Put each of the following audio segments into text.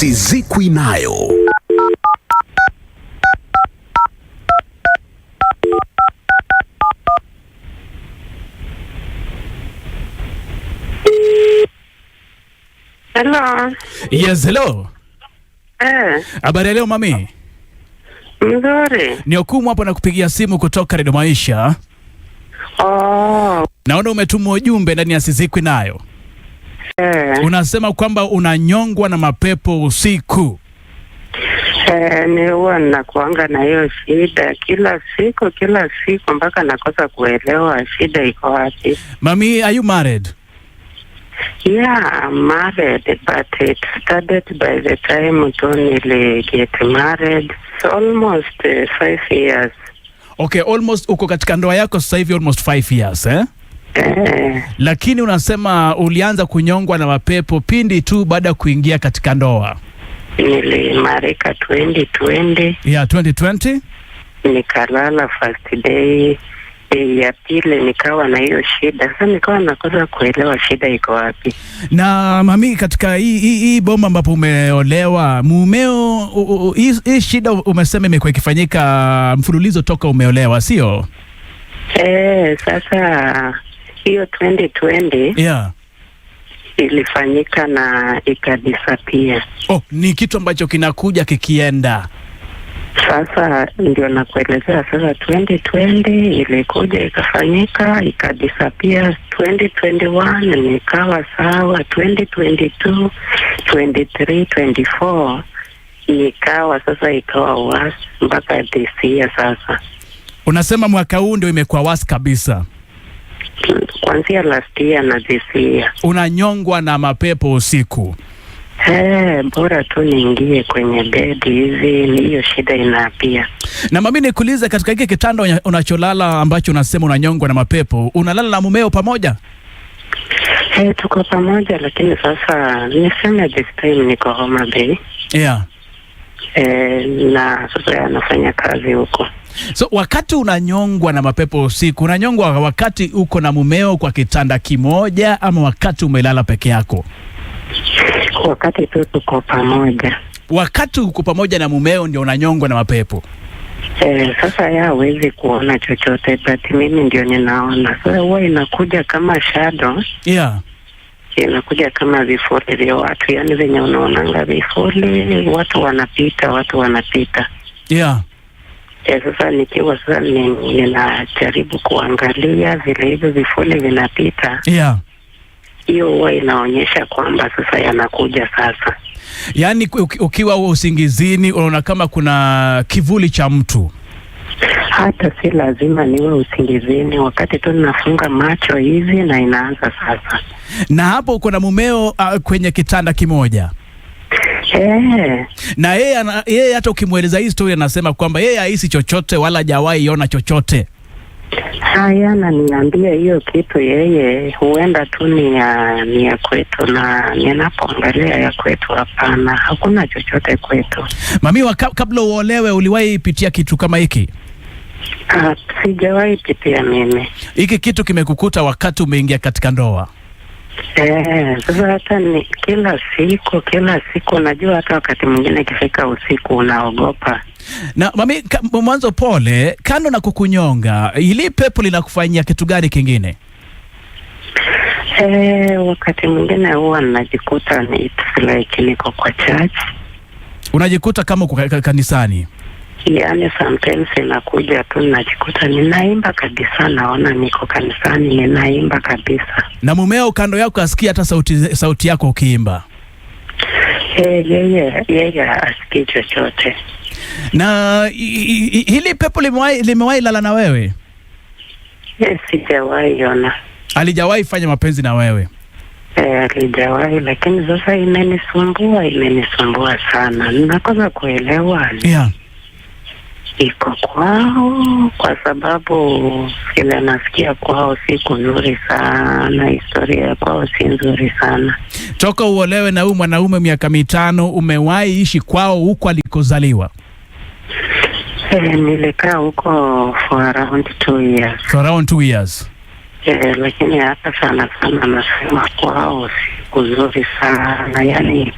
Sizikuinayo. Hello. Yes, hello. Eh. Habari leo mami? Mzuri. Ni Okumu hapo na kupigia simu kutoka Redio Maisha. Oh. Naona umetuma ujumbe ndani ya Sizikwi nayo eh. Unasema kwamba unanyongwa na mapepo usiku eh? Ni huwa nakuanga na hiyo shida kila siku kila siku, mpaka nakosa kuelewa shida iko wapi. Mami, are you married? Yeah, I'm married but it started by the time tu nili get married so almost uh, five years. Okay, almost uko katika ndoa yako sasa hivi almost five years eh? Lakini unasema ulianza kunyongwa na mapepo pindi tu baada ya kuingia katika ndoa. nilimarika 2020. Yeah, 2020. Nikalala first day ya pili nikawa na hiyo shida sasa, nikawa nakosa kuelewa shida iko wapi. Na mami, katika hii hii hii boma ambapo umeolewa mumeo, hii shida umesema imekuwa ikifanyika mfululizo toka umeolewa, sio? Eh, sasa hiyo twende twende yeah ilifanyika na ikadisapia. Oh, ni kitu ambacho kinakuja kikienda. Sasa ndio nakuelezea sasa, twende twende ilikuja ikafanyika ikadisapia, twende twende one nikawa sawa, twende twende two, twende three, twende four nikawa sasa, ikawa wasi mpaka this year. Sasa unasema mwaka huu ndio imekuwa wasi kabisa? kuanzia last year na this year. Unanyongwa na mapepo usiku? Hey, eh, bora tu niingie kwenye bedi hivi, hiyo shida inaapia. Na mami, nikuulize, katika hiki kitanda unacholala ambacho unasema unanyongwa na mapepo, unalala na mumeo pamoja? Hey, eh, tuko pamoja, lakini sasa niseme this time niko Homa Bay. Yeah. Eh, na sasa anafanya kazi huko. So wakati unanyongwa na mapepo usiku, unanyongwa wakati uko na mumeo kwa kitanda kimoja, ama wakati umelala peke yako? Wakati tu tuko pamoja. Wakati uko pamoja na mumeo ndio unanyongwa na mapepo? Eh, sasa ya hawezi kuona chochote, but mimi ndio ninaona. Sasa huwa inakuja kama shadow. Yeah inakuja kama vifole vya watu, yani venye unaonanga vifole, watu wanapita, watu wanapita yeah. Ya, sasa nikiwa sasa ninajaribu kuangalia vile hivyo vifole vinapita yeah hiyo huwa inaonyesha kwamba sasa yanakuja sasa. Yaani ukiwa usingizini unaona kama kuna kivuli cha mtu hata si lazima niwe usingizini, wakati tu ninafunga macho hivi na inaanza sasa. Na hapo uko na mumeo uh, kwenye kitanda kimoja eh. Na yeye yeye hata ukimweleza hii story anasema kwamba yeye haisi chochote wala hajawahi ona chochote. Haya, na niambia hiyo kitu, yeye huenda tu ni ya ni ya kwetu, na ninapoangalia ya kwetu, hapana, hakuna chochote kwetu. mamiwa kabla uolewe uliwahi pitia kitu kama hiki? Ah, sijawahi pitia mimi. Hiki kitu kimekukuta wakati umeingia katika ndoa? Eh, sasa hata ni kila siku kila siku, najua hata wakati mwingine ikifika usiku unaogopa. Na mami, mwanzo pole, kando na kukunyonga, hili pepo linakufanyia kitu gani kingine? Eh, wakati mwingine huwa najikuta ni like niko kwa church. Unajikuta kama kanisani? Yaani, yaani sometimes inakuja tu najikuta ninaimba kabisa, naona niko kanisani ninaimba kabisa. Na mumeo kando yako asikia hata sauti, sauti yako ukiimba? Eh, yeye yeye asikii chochote. Na hili pepo limewahi limewahi lala na wewe? Sijawahi ona. Alijawahi fanya mapenzi na wewe? Eh, alijawahi, lakini sasa imenisumbua, imenisumbua sana, ninakosa kuelewa. Yeah iko kwao, kwa sababu kila nasikia kwao siku nzuri sana, historia ya kwao si nzuri sana. Toka uolewe na huyu mwanaume miaka mitano, umewahi ishi kwao huko alikozaliwa? Eh, nilikaa huko for around two years. For around two years. Eh, lakini hapa sana sana nasema kwao siku nzuri sana, yani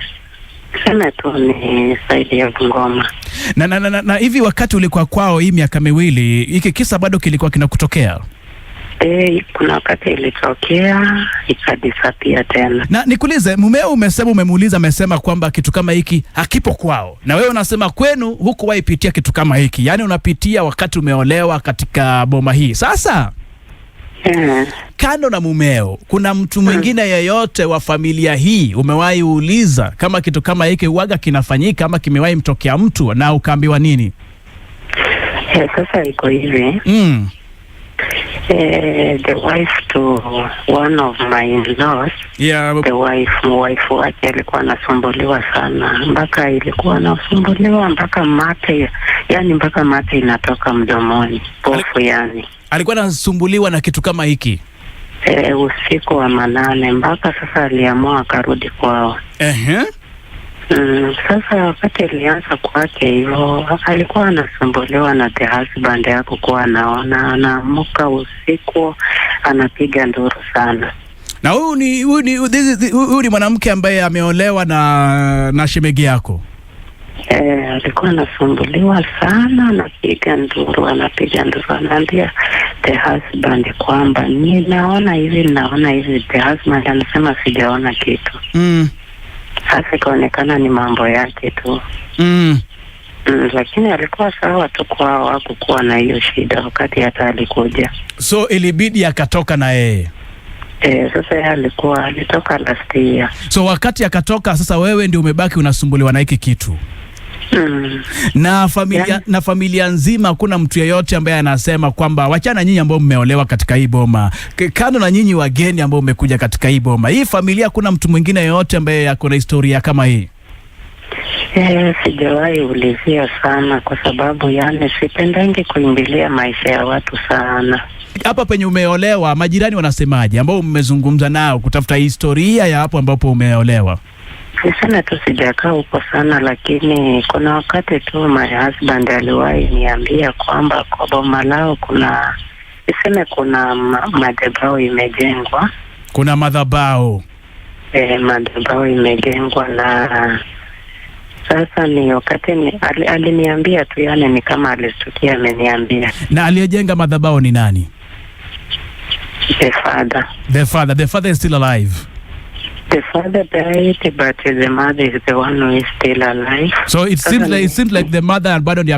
sema tu ni zaidi ya Bungoma na, na, na, na hivi wakati ulikuwa kwao hii miaka miwili, hiki kisa bado kilikuwa kinakutokea? Hey, eh, kuna wakati ilitokea ikadisapia tena. Na nikuulize, mumeo umesema umemuuliza, amesema kwamba kitu kama hiki hakipo kwao, na wewe unasema kwenu huku waipitia kitu kama hiki, yaani unapitia wakati umeolewa katika boma hii sasa Mm. Kando na mumeo, kuna mtu mwingine yeyote wa familia hii umewahi uliza kama kitu kama hiki uwaga kinafanyika ama kimewahi mtokea mtu na ukaambiwa nini? Eh, sasa iko hivi mm. Uh, the wife to one of my in-laws. Yeah, the wife wife wake alikuwa anasumbuliwa sana, mpaka ilikuwa anasumbuliwa mpaka mate, yani mpaka mate inatoka mdomoni, pofu yani. Alikuwa anasumbuliwa na kitu kama hiki uh, usiku wa manane, mpaka sasa aliamua akarudi kwao. uh -huh. Mm, sasa wakati alianza kwake hivyo alikuwa anasumbuliwa na the husband yako kuwa anaona anamuka usiku anapiga nduru sana. Na huyu ni huyu ni, huyu ni mwanamke ambaye ameolewa na na shemegi yako? E, alikuwa anasumbuliwa sana, anapiga nduru, anapiga nduru, anaambia the husband kwamba ninaona hivi, ninaona hivi. The husband anasema sijaona kitu mm. Sasa ikaonekana ni mambo yake tu mm. Mm, lakini alikuwa sawa tu kwao, hakukuwa na hiyo shida wakati hata alikuja, so ilibidi akatoka na yeye eh. Sasa yeye alikuwa alitoka last year, so wakati akatoka, sasa wewe ndio umebaki unasumbuliwa na hiki kitu na familia yeah. na familia nzima, hakuna mtu yeyote ambaye anasema kwamba wachana nyinyi ambao mmeolewa katika hii boma, kando na nyinyi wageni ambao umekuja katika hii boma, hii familia, hakuna mtu mwingine yeyote ambaye yako na historia kama hii? Eh, sijawahi ulizia sana kwa sababu yani sipendangi kuingilia maisha ya watu sana. Hapa penye umeolewa majirani wanasemaje, ambao mmezungumza nao kutafuta historia ya hapo ambapo umeolewa? Niseme tu sijakaa huko sana, lakini kuna wakati tu my husband aliwahi niambia kwamba kwa boma lao kuna niseme kuna madhabao imejengwa, kuna madhabao e, eh, madhabao imejengwa na sasa ni wakati ni, aliniambia tu yani, ni kama alistukia ameniambia. Na aliyejenga madhabao ni nani? The father. The father. The father is still alive the father died, but the mother is the one who is still alive. So it seems like, it seems like the mother and bado ndio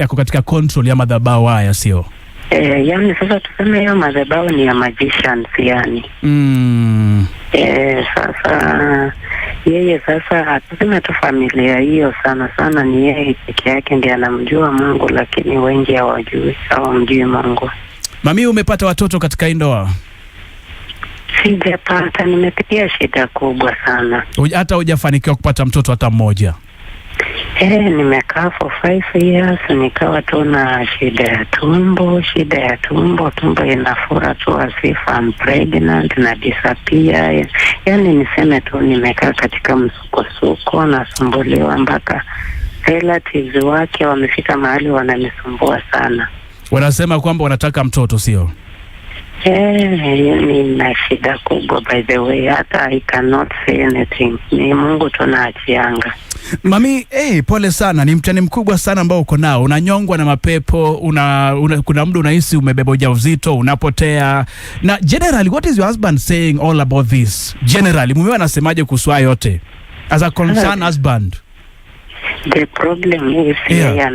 yako katika control ya madhabahu haya, sio? Eh, yani sasa tuseme hiyo madhabahu ni ya magicians yani. Mm. Eh, sasa yeye sasa tuseme tu familia hiyo sana sana ni yeye peke yake ndiye anamjua Mungu, lakini wengi hawajui, hawamjui Mungu. Mami, umepata watoto katika hii ndoa? Sijapata, nimepitia shida kubwa sana. Hata hujafanikiwa kupata mtoto hata mmoja? Eh, nimekaa for five years nikawa tu na shida ya tumbo, shida ya tumbo, tumbo inafura tu asifa, I'm pregnant na disappear. Yaani niseme tu nimekaa katika msukosuko, nasumbuliwa mpaka relatives wake wamefika mahali wananisumbua sana, wanasema kwamba wanataka mtoto, sio? hiyo ni na shida kubwa, by the way, hata I cannot say anything. Ni Mungu tunaachianga. Mami, hey, pole sana, ni mtihani mkubwa sana ambao uko nao. Unanyongwa na mapepo una, una, kuna muda unahisi umebeba ujauzito unapotea. Na generally what is your husband saying all about this? Generally mumewe anasemaje kuhusu haya yote as a concerned husband? The problem is yeah.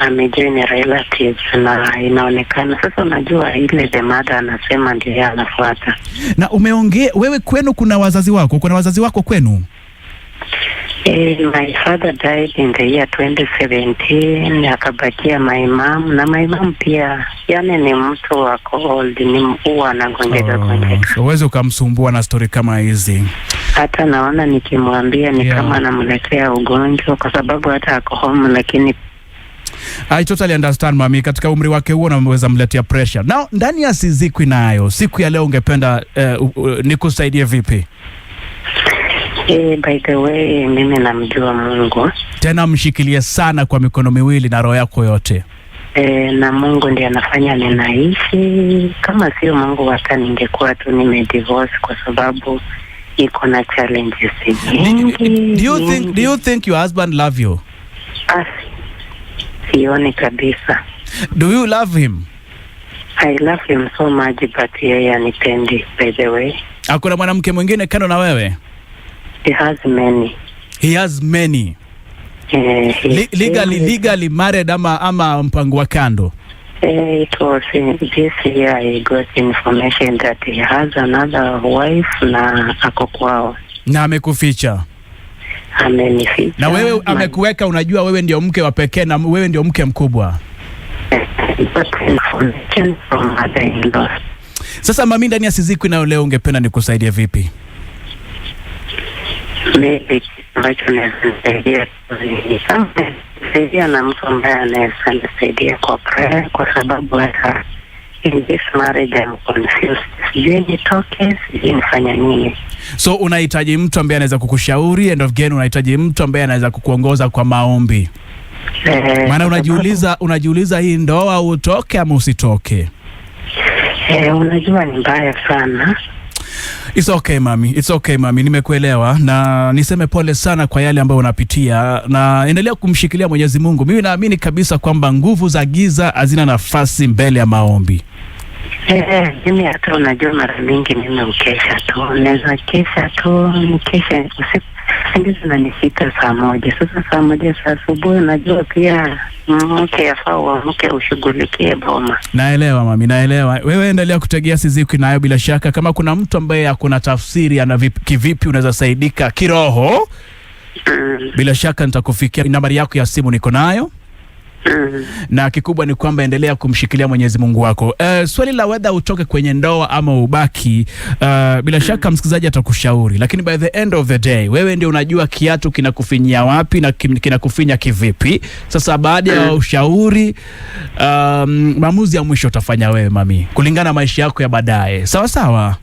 Amejoin relatives na inaonekana sasa, unajua ile the mother anasema ndio yeye anafuata. Na umeongea wewe, kwenu kuna wazazi wako, kuna wazazi wako kwenu? Eh, my father died in the year 2017, akabakia maimamu na maimamu pia, yani ni mtu wako old, ni huwa anagonjeka gonjeka. oh, so ukamsumbua na stori kama hizi hata naona nikimwambia ni yeah, kama anamletea ugonjwa kwa sababu hata ako home, lakini I totally understand mami, katika umri wake huo unaweza mletea pressure. Now ndani ya sizikwi nayo siku ya leo ungependa uh, uh, nikusaidie vipi? Hey, eh, by the way mimi namjua Mungu, tena mshikilie sana kwa mikono miwili na roho yako yote. E, na Mungu ndiye anafanya ninaishi. Kama sio Mungu, hata ningekuwa tu nimedivorce kwa sababu iko na challenges nyingi. Do you think, do you think your husband love you? Ah, sioni kabisa. Do you love him? I love him so much but yeye anipendi by the way. Hakuna mwanamke mwingine kando na wewe? He has many. He has many. Eh, legally, legally married ama ama mpango wa kando? It was in this year I got information that he has another wife na ako kwao. Na amekuficha? Amenificha. Na wewe amekuweka, unajua wewe ndio mke wa pekee na wewe ndio mke mkubwa. Sasa mami, ndani ya siziku nayo leo, ungependa nikusaidie vipi? Maybe kusaidia na mtu ambaye anaweza nisaidia kwa prayer, kwa sababu hata in this marriage I'm confused, sijui nitoke, sijui nifanya nini. So unahitaji mtu ambaye anaweza kukushauri of again, unahitaji mtu ambaye anaweza kukuongoza kwa maombi eh, maana unajiuliza unajiuliza hii ndoa utoke ama usitoke. Eh, unajua ni mbaya sana It's okay mami, it's okay mami, nimekuelewa na niseme pole sana kwa yale ambayo unapitia, na endelea kumshikilia Mwenyezi Mungu. Mimi naamini kabisa kwamba nguvu za giza hazina nafasi mbele ya maombi. Eh, mimi hata unajua, mara mingi mimi ukesha tu, naweza kesha tu, kesha usiku ni sita saa moja sasa, saa moja saa asubuhi. Najua pia mke yafaa uamke ushughulikie boma. Naelewa mami, naelewa. Wewe endelea kutegea siziki nayo. Bila shaka, kama kuna mtu ambaye akuna tafsiri ana kivipi unaweza saidika kiroho, mm. bila shaka nitakufikia. Nambari yako ya simu niko nayo na kikubwa ni kwamba endelea kumshikilia Mwenyezi Mungu wako. Uh, swali la wedha utoke kwenye ndoa ama ubaki, uh, bila shaka mm. msikilizaji atakushauri, lakini by the end of the day wewe ndio unajua kiatu kinakufinyia wapi na kinakufinya kivipi. Sasa baada ya mm. ushauri, um, maamuzi ya mwisho utafanya wewe mami, kulingana na maisha yako ya baadaye, sawa sawa.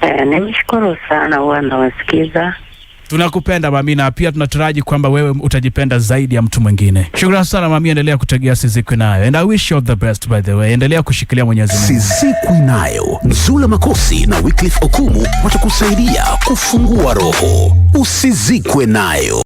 Eh, nimeshukuru sana, huwa nawasikiza Tunakupenda mami, na pia tunataraji kwamba wewe utajipenda zaidi ya mtu mwingine. Shukrani sana mami, endelea kutegea Sizikwi Nayo, and I wish you the best by the way, endelea kushikilia Mwenyezi Mungu. Sizikwi Nayo, Nzula Makosi na Wycliffe Okumu watakusaidia kufungua roho. Usizikwe nayo.